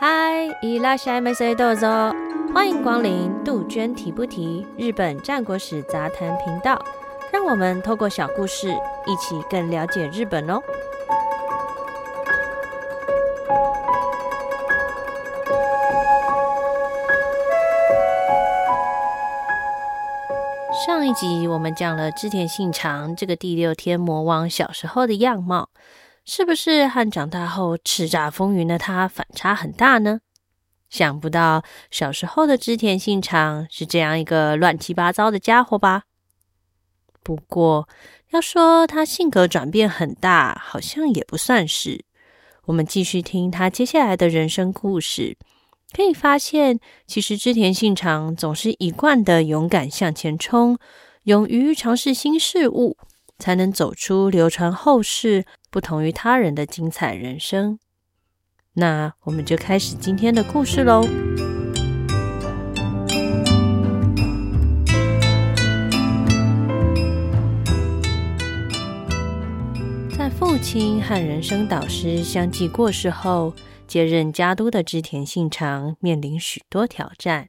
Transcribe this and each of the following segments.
嗨，いらっしゃいませ、どうぞ，歡迎光臨杜鵑提不提日本戰國史雜談頻道，讓我們透過小故事，一起更了解日本哦。上一集我們講了織田信長這個第六天魔王小時候的樣貌，是不是和長大後叱咤風雲的他反差很大呢？想不到小時候的織田信長是這樣一個亂七八糟的家伙吧？不過要說他性格轉變很大，好像也不算是。我們繼續聽他接下來的人生故事。可以發現，其實織田信長總是一貫的勇敢向前衝，勇於嘗試新事物，才能走出流傳後世、不同於他人的精彩人生。那我們就開始今天的故事嘍。在父親和人生導師相繼過世後，接任家督的織田信長面臨許多挑戰，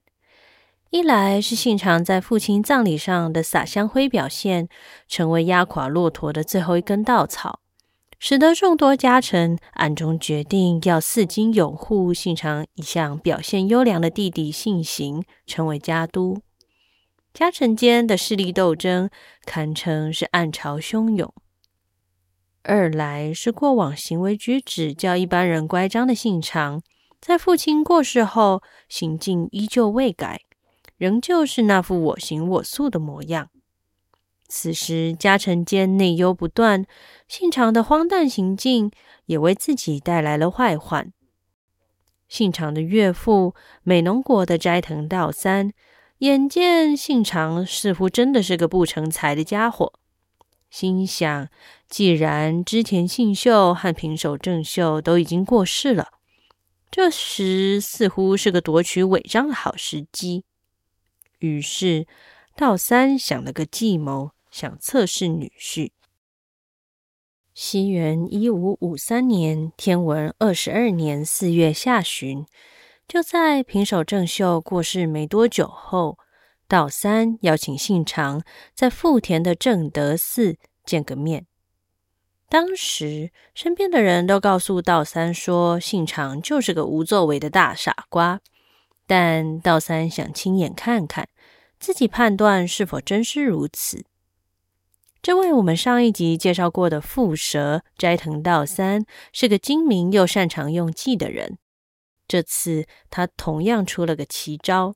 一來是信長在父親葬禮上的撒香灰表現，成為壓垮駱駝的最後一根稻草，使得眾多家臣暗中決定要伺機擁護信長一向表現優良的弟弟信行成為家督。家臣間的勢力鬥爭堪稱是暗潮洶湧。二來是過往行為舉止較一般人乖張的信長，在父親過世後，行徑依舊未改，仍舊是那副我行我素的模樣。此時家臣間內憂不斷，信長的荒誕行徑也為自己帶來了禍患。信長的岳父，美濃國的齋藤道三，眼見信長似乎真的是個不成才的家伙。心想，既然織田信秀和平手正秀都已經過世了，這時似乎是個奪取尾張的好時機。於是，道三想了個計謀，想測試女婿。西元一五五三年，天文二十二年四月下旬，就在平手正秀過世沒多久後。道三邀請信長在富田的正德寺見個面。當時身邊的人都告訴道三說，信長就是個無作為的大傻瓜。但道三想親眼看看，自己判斷是否真是如此。這位我們上一集介紹過的蝮蛇齋藤道三，是個精明又擅長用計的人。這次他同樣出了個奇招。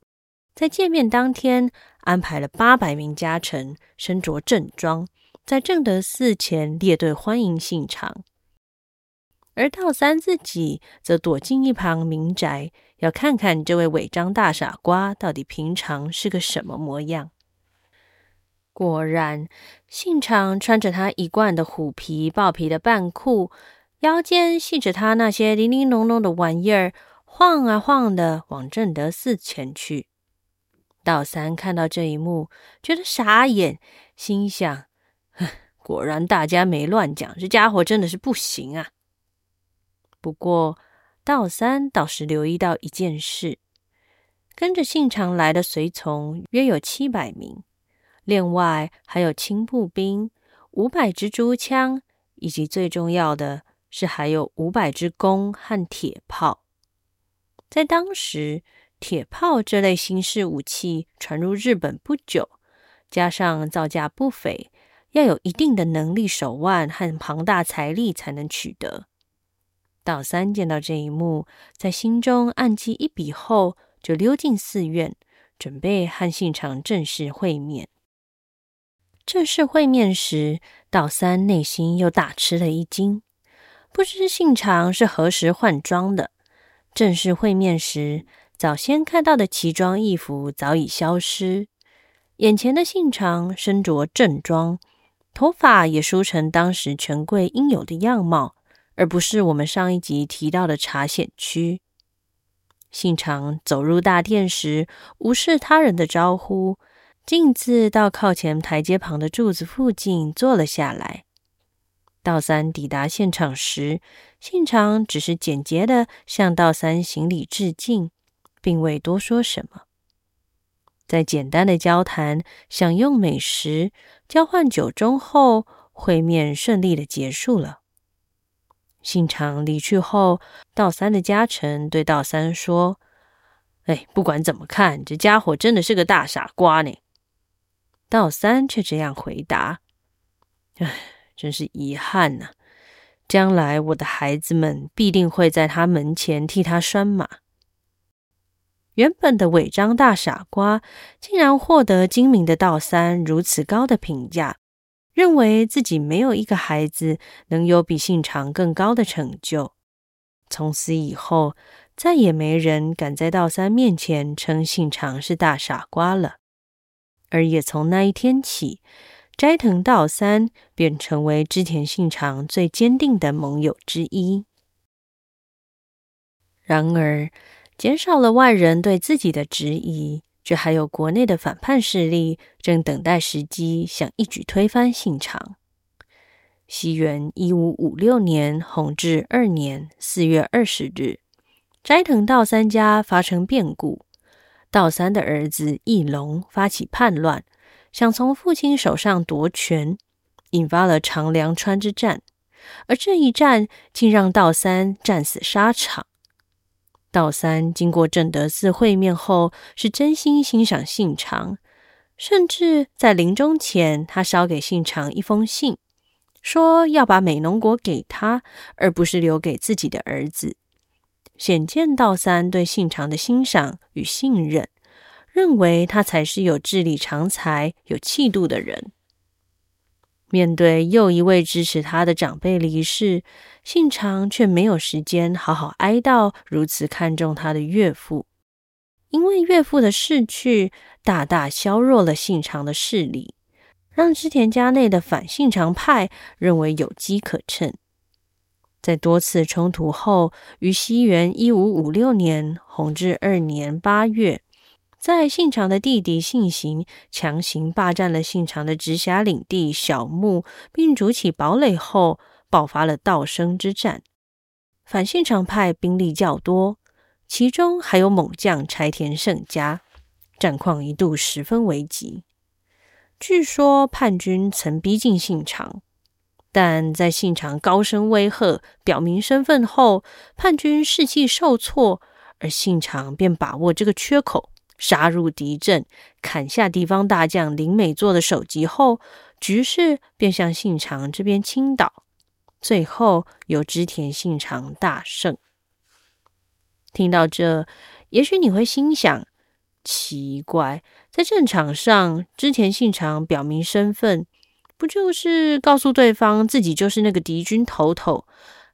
在見面當天，安排了八百名家臣身着正裝，在正德寺前列隊歡迎信長。而道三自己則躲進一旁民宅，要看看這位尾張大傻瓜到底平常是個什麼模樣。果然，信長穿着他一貫的虎皮豹皮的半褲，腰間繫着他那些零零瓏瓏的玩意兒，晃啊晃的往正德寺前去。道三看到這一幕，覺得傻眼，心想：“哼，果然大家沒亂講，這傢伙真的是不行啊。”不過，道三倒是留意到一件事：跟着信長來的隨從約有七百名，另外還有輕步兵五百支竹槍，以及最重要的是，還有五百支弓和鐵炮。在當時。鐵炮這類新式武器傳入日本不久，加上造價不菲，要有一定的能力、手腕和龐大財力才能取得。道三見到這一幕，在心中暗記一筆後，就溜進寺院，準備和信長正式會面。正式會面時，道三內心又大吃了一驚，不知信長是何時換裝的。正式會面時。早先看到的奇裝異服早已消失，眼前的信長身着正裝，頭髮也梳成當時權貴應有的樣貌，而不是我們上一集提到的茶顯區。信長走入大殿時，無視他人的招呼，徑自到靠前台階旁的柱子附近坐了下來。道三抵達現場時，信長只是簡潔地向道三行禮致敬。並未多說什麼，在簡單的交談、享用美食、交換酒盅後，會面順利的結束了。信長離去後，道三的家臣對道三說：“哎，不管怎麼看，這家伙真的是個大傻瓜呢。”道三卻這樣回答：“哎，真是遺憾吶、啊！將來我的孩子們必定會在他門前替他拴馬。”原本的尾張大傻瓜，竟然獲得精明的道三如此高的評價，認為自己沒有一個孩子能有比信長更高的成就。從此以後，再也沒人敢在道三面前稱信長是大傻瓜了。而也從那一天起，齋藤道三便成為織田信長最堅定的盟友之一。然而。減少了外人對自己的質疑，卻還有國內的反叛勢力正等待時機，想一舉推翻信長。西元一五五六年，弘治二年四月二十日，齋藤道三家發生變故，道三的兒子義龍發起叛亂，想從父親手上奪權，引發了長良川之戰，而這一戰竟讓道三戰死沙場。道三經過正德寺會面後，是真心欣賞信長，甚至在臨終前，他捎給信長一封信，說要把美濃國給他，而不是留給自己的兒子。顯見道三對信長的欣賞與信任，認為他才是有治理長才、有氣度的人。面對又一位支持他的長輩離世，信長卻沒有時間好好哀悼如此看重他的岳父，因為岳父的逝去大大削弱了信長的勢力，讓織田家內的反信長派認為有機可乘。在多次衝突後，於西元一五五六年（弘治二年）八月。在信長的弟弟信行強行霸佔了信長的直轄領地小牧，並築起堡壘後，爆發了稻生之戰。反信長派兵力較多，其中還有猛將柴田勝家，戰況一度十分危急。據說叛軍曾逼近信長，但在信長高聲威嚇、表明身份後，叛軍士氣受挫，而信長便把握這個缺口。殺入敵陣，砍下敵方大將林美作的首級後，局勢便向信長這邊傾倒。最後由織田信長大勝。聽到這，也許你會心想：奇怪，在戰場上，織田信長表明身份，不就是告訴對方自己就是那個敵軍頭頭？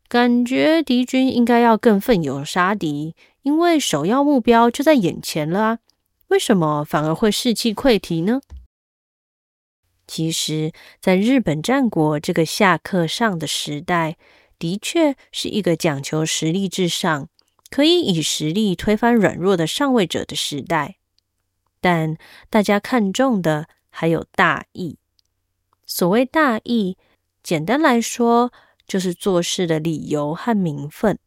感覺敵軍應該要更奮勇殺敵，因為首要目標就在眼前了啊！為什麼反而會士氣潰堤呢？其實，在日本戰國這個下克上的時代，的確是一個講求實力至上，可以以實力推翻軟弱的上位者的時代。但大家看重的還有大義。所謂大義，簡單來說，就是做事的理由和名分。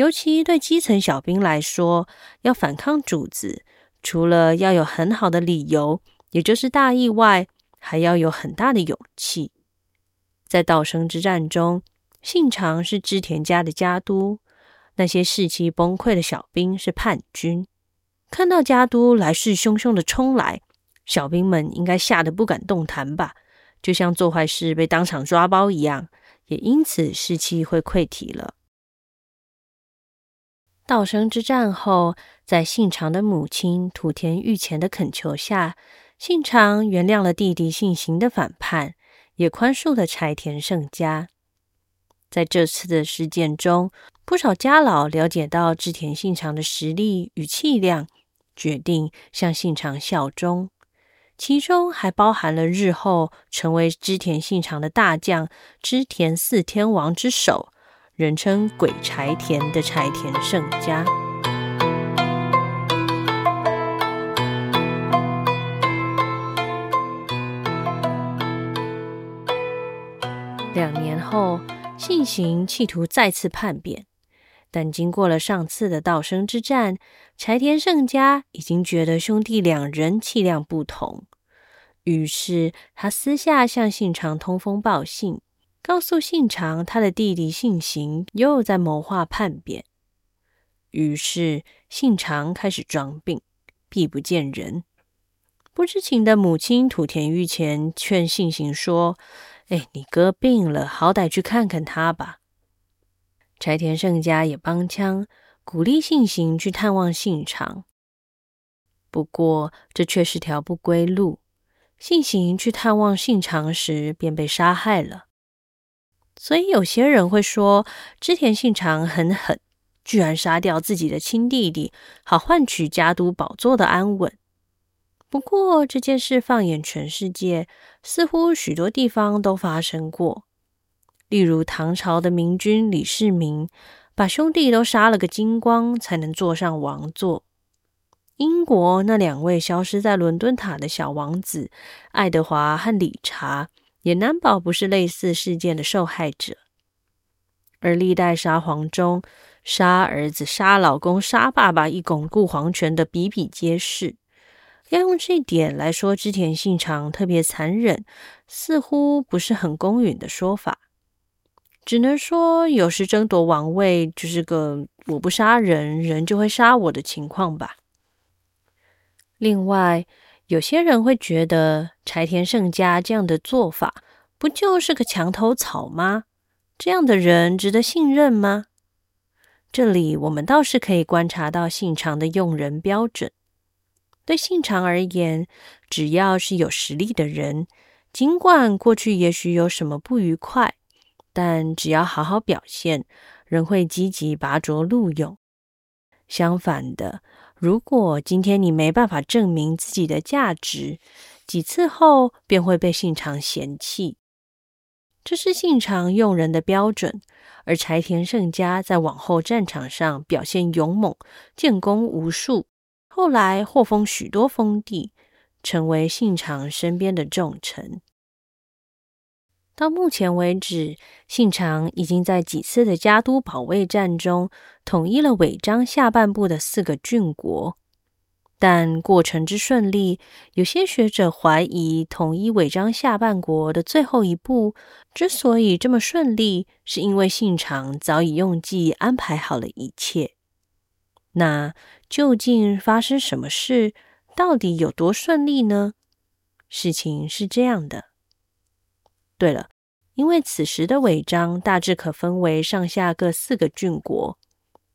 尤其對基層小兵來說，要反抗主子，除了要有很好的理由，也就是大義外，還要有很大的勇氣。在稻生之戰中，信長是織田家的家督，那些士氣崩潰的小兵是叛軍。看到家督來勢洶洶的衝來，小兵們應該嚇得不敢動彈吧？就像做壞事被當場抓包一樣，也因此士氣會潰堤了。道生之戰後，在信長的母親土田御前的懇求下，信長原諒了弟弟信行的反叛，也寬恕了柴田勝家。在這次的事件中，不少家老了解到織田信長的實力與氣量，決定向信長效忠。其中還包含了日後成為織田信長的大將織田四天王之首，人稱“鬼柴田”的柴田勝家，兩年後，信行企圖再次叛變，但經過了上次的道生之戰，柴田勝家已經覺得兄弟兩人氣量不同，於是他私下向信長通風報信。告訴信長，他的弟弟信行又在謀劃叛變。於是信長開始裝病，避不見人。不知情的母親土田御前勸信行說：“哎，你哥病了，好歹去看看他吧。”柴田勝家也幫腔，鼓勵信行去探望信長。不過這卻是條不歸路，信行去探望信長時，便被殺害了。所以有些人會說，織田信長很狠，狠，居然殺掉自己的親弟弟，好換取家督寶座的安穩。不過這件事放眼全世界，似乎許多地方都發生過。例如唐朝的明君李世民，把兄弟都殺了個精光，才能坐上王座。英國那兩位消失在倫敦塔的小王子，愛德華和理查。也難保不是類似事件的受害者，而歷代沙皇中殺兒子、殺老公、殺爸爸以鞏固皇權的比比皆是。要用這一點來說，織田信長特別殘忍，似乎不是很公允的說法。只能說有時爭奪王位就是個我不殺人，人就會殺我的情況吧。另外。有些人會覺得柴田勝家這樣的做法不就是個牆頭草嗎？這樣的人值得信任嗎？這裡我們倒是可以觀察到信長的用人標準。對信長而言，只要是有實力的人，儘管過去也許有什麼不愉快，但只要好好表現，仍會積極拔擢錄用。相反的。如果今天你沒辦法證明自己的價值，幾次後便會被信長嫌棄。這是信長用人的標準，而柴田勝家在往後戰場上表現勇猛，建功無數，後來獲封許多封地，成為信長身邊的重臣。到目前為止，信長已經在幾次的家督保衛戰中統一了尾張下半部的四個郡國，但過程之順利，有些學者懷疑，統一尾張下半國的最後一步之所以這麼順利，是因為信長早已用計安排好了一切。那究竟發生什麼事？到底有多順利呢？事情是這樣的。對了，因為此時的尾張大致可分為上下各四個郡國，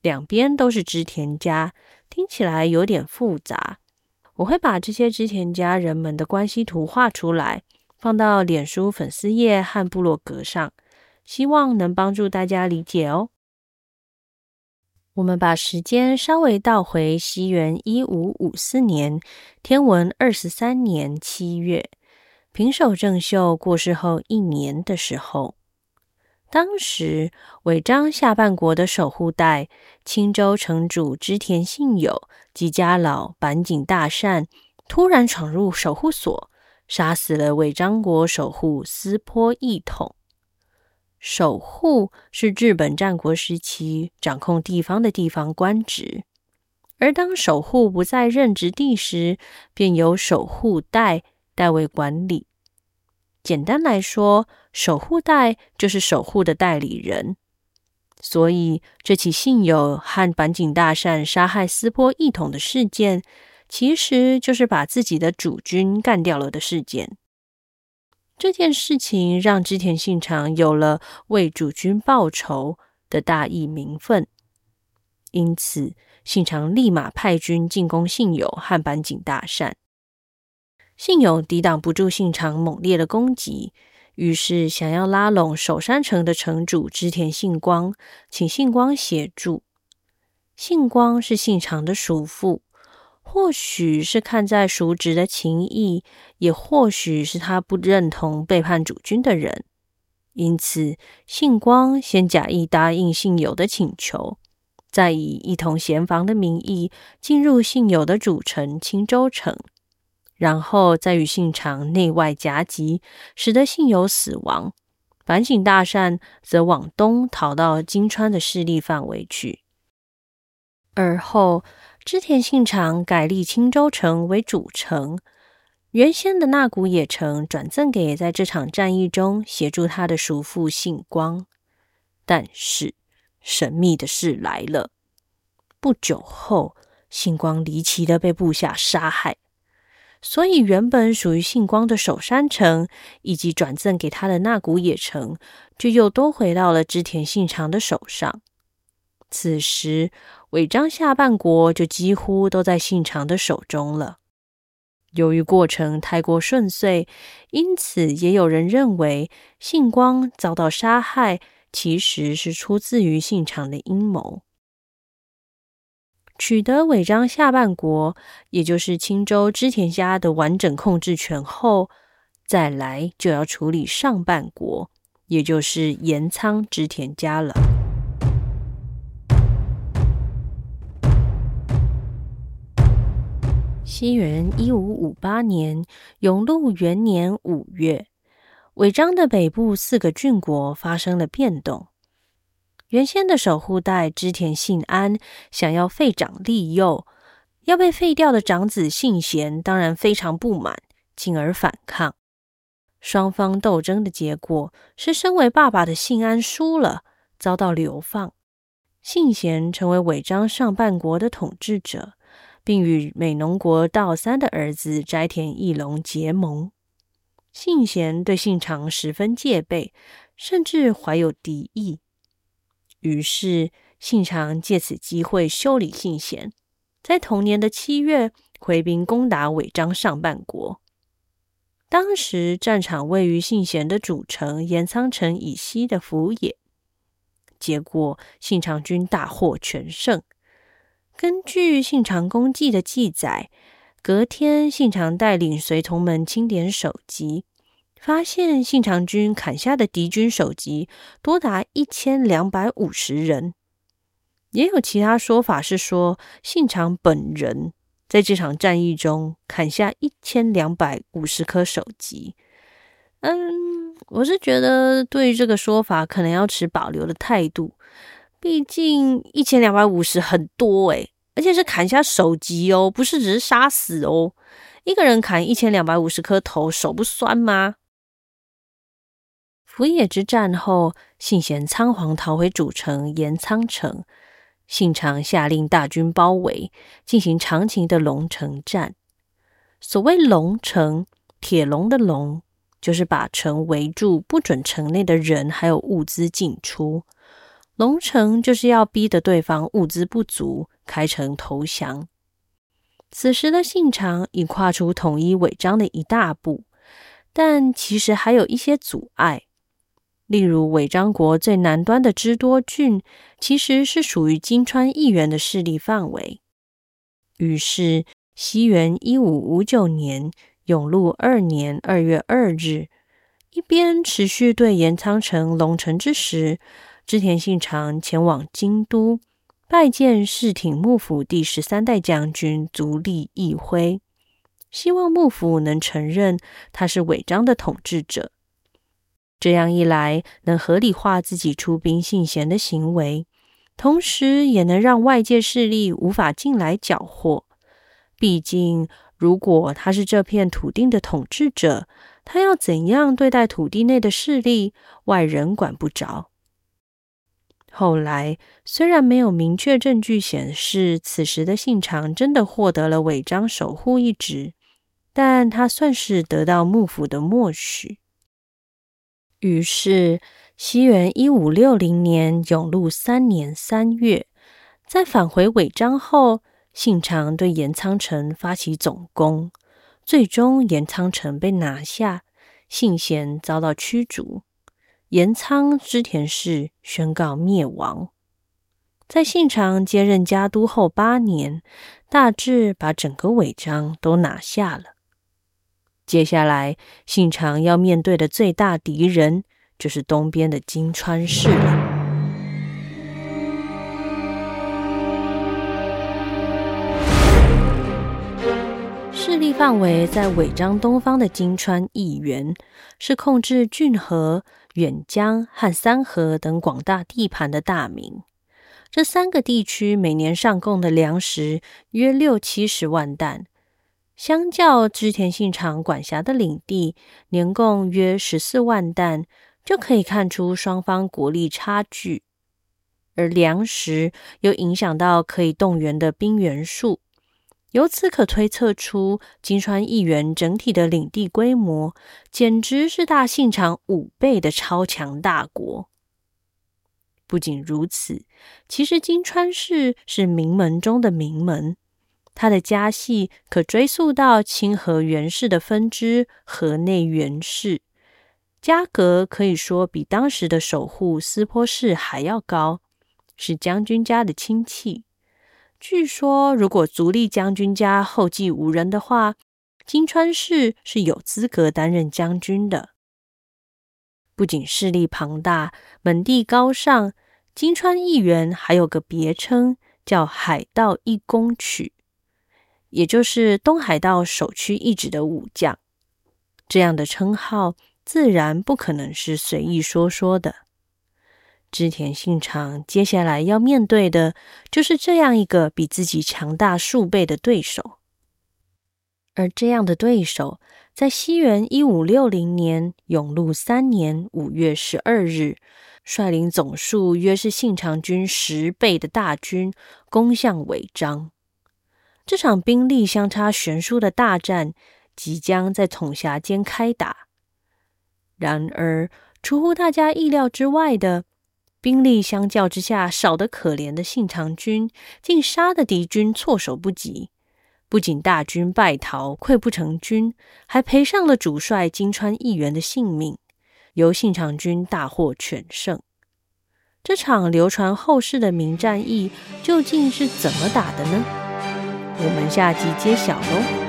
兩邊都是織田家，聽起來有點複雜。我會把這些織田家人們的關係圖畫出來，放到臉書粉絲頁和部落格上，希望能幫助大家理解哦。我們把時間稍微倒回西元一五五四年，天文二十三年七月。平手政秀過世後一年的時候，當時尾張下半國的守護代清洲城主織田信友及家老坂井大膳突然闖入守護所，殺死了尾張國守護斯波義統。守護是日本戰國時期掌控地方的地方官職，而當守護不在任職地時，便由守護代，代為管理。簡單來說，守護代就是守護的代理人。所以，這起信友和坂井大善殺害斯波義統的事件，其實就是把自己的主君幹掉了的事件。這件事情讓織田信長有了為主君報仇的大義名分，因此，信長立馬派軍進攻信友和坂井大善。信友抵擋不住信長猛烈的攻擊，於是想要拉攏守山城的城主織田信光，請信光協助。信光是信長的叔父，或許是看在叔侄的情誼，也或許是他不認同背叛主君的人，因此信光先假意答應信友的請求，再以一同閒房的名義進入信友的主城青州城。然後再與信長內外夾擊，使得信友死亡。坂井大膳則往東逃到今川的勢力範圍去。而後，織田信長改立清洲城為主城，原先的那古野城轉贈給在這場戰役中協助他的叔父信光。但是，神秘的事來了。不久後，信光離奇的被部下殺害。所以，原本屬於信光的守山城，以及轉贈給他的那古野城，就又都回到了織田信長的手上。此時，尾張下半國就幾乎都在信長的手中了。由於過程太過順遂，因此也有人認為，信光遭到殺害，其實是出自於信長的陰謀。取得尾張下半國，也就是青州織田家的完整控制權後，再來就要處理上半國，也就是岩倉織田家了。西元一五五八年，永祿元年五月，尾張的北部四個郡國發生了變動。原先的守護代織田信安想要廢長立幼，要被廢掉的長子信賢當然非常不滿，進而反抗。雙方鬥爭的結果是，身為爸爸的信安輸了，遭到流放。信賢成為尾張上半國的統治者，並與美濃國道三的兒子齋田義龍結盟。信賢對信長十分戒備，甚至懷有敵意。於是，信長借此機會修理信賢，在同年的七月回兵攻打尾張上半國。當時戰場位於信賢的主城岩倉城以西的府野，結果信長軍大獲全勝。根據信長公記的記載，隔天信長帶領隨從們清點首級。發現信長軍砍下的敵軍首級多達一千兩百五十人，也有其他說法是說信長本人在這場戰役中砍下一千兩百五十顆首級。嗯，我是覺得對於這個說法可能要持保留的態度，畢竟一千兩百五十很多誒、欸，而且是砍下首級哦，不是只是殺死哦，一個人砍一千兩百五十顆頭，手不酸嗎？浮野之戰後，信賢倉皇逃回主城岩倉城，信長下令大軍包圍，進行長期的籠城戰。所謂籠城，鐵籠的籠，就是把城圍住，不准城內的人還有物資進出。籠城就是要逼得對方物資不足，開城投降。此時的信長已跨出統一尾張的一大步，但其實還有一些阻礙。例如，尾張國最南端的知多郡，其實是屬於今川義元的勢力範圍。於是，西元一五五九年永祿二年二月二日，一邊持續對岩倉城籠城之時，織田信長前往京都拜見室町幕府第十三代將軍足利義輝，希望幕府能承認他是尾張的統治者。這樣一來，能合理化自己出兵信賢的行為，同時也能讓外界勢力無法進來繳獲。畢竟，如果他是這片土地的統治者，他要怎樣對待土地內的勢力，外人管不着。後來，雖然沒有明確證據顯示此時的信長真的獲得了尾張守護一職，但他算是得到幕府的默許。於是，西元一五六零年永祿三年三月，在返回尾張後，信長對岩倉城發起總攻，最終岩倉城被拿下，信賢遭到驅逐，岩倉織田氏宣告滅亡。在信長接任家督後八年，大致把整個尾張都拿下了。接下來，信長要面對的最大敵人就是東邊的今川氏了。勢力範圍在尾張東方的今川義元，是控制駿河、遠江和三河等廣大地盤的大名。這三個地區每年上貢的糧食約六七十萬擔。相較織田信長管轄的領地年貢約十四萬石，就可以看出雙方國力差距。而糧食又影響到可以動員的兵員數，由此可推測出今川義元整體的領地規模，簡直是大信長五倍的超強大國。不僅如此，其實今川氏是名門中的名門。他的家系可追溯到清和源氏的分支河內源氏，家格可以說比當時的守護斯波氏還要高，是將軍家的親戚。據說，如果足利將軍家後繼無人的話，今川氏是有資格擔任將軍的。不僅勢力龐大，門第高尚，今川義元還有個別稱叫“海道一弓取”。也就是東海道首屈一指的武將，這樣的稱號自然不可能是隨意說說的。織田信長接下來要面對的就是這樣一個比自己強大數倍的對手，而這樣的對手，在西元一五六零年永祿三年五月十二日，率領總數約是信長軍十倍的大軍，攻向尾張。這場兵力相差懸殊的大戰即將在桶狹間開打，然而出乎大家意料之外的，兵力相較之下少得可憐的信長軍，竟殺得敵軍措手不及，不僅大軍敗逃潰不成軍，還賠上了主帥今川義元的性命，由信長軍大獲全勝。這場流傳後世的名戰役究竟是怎麼打的呢？我們下集揭曉嘍、哦。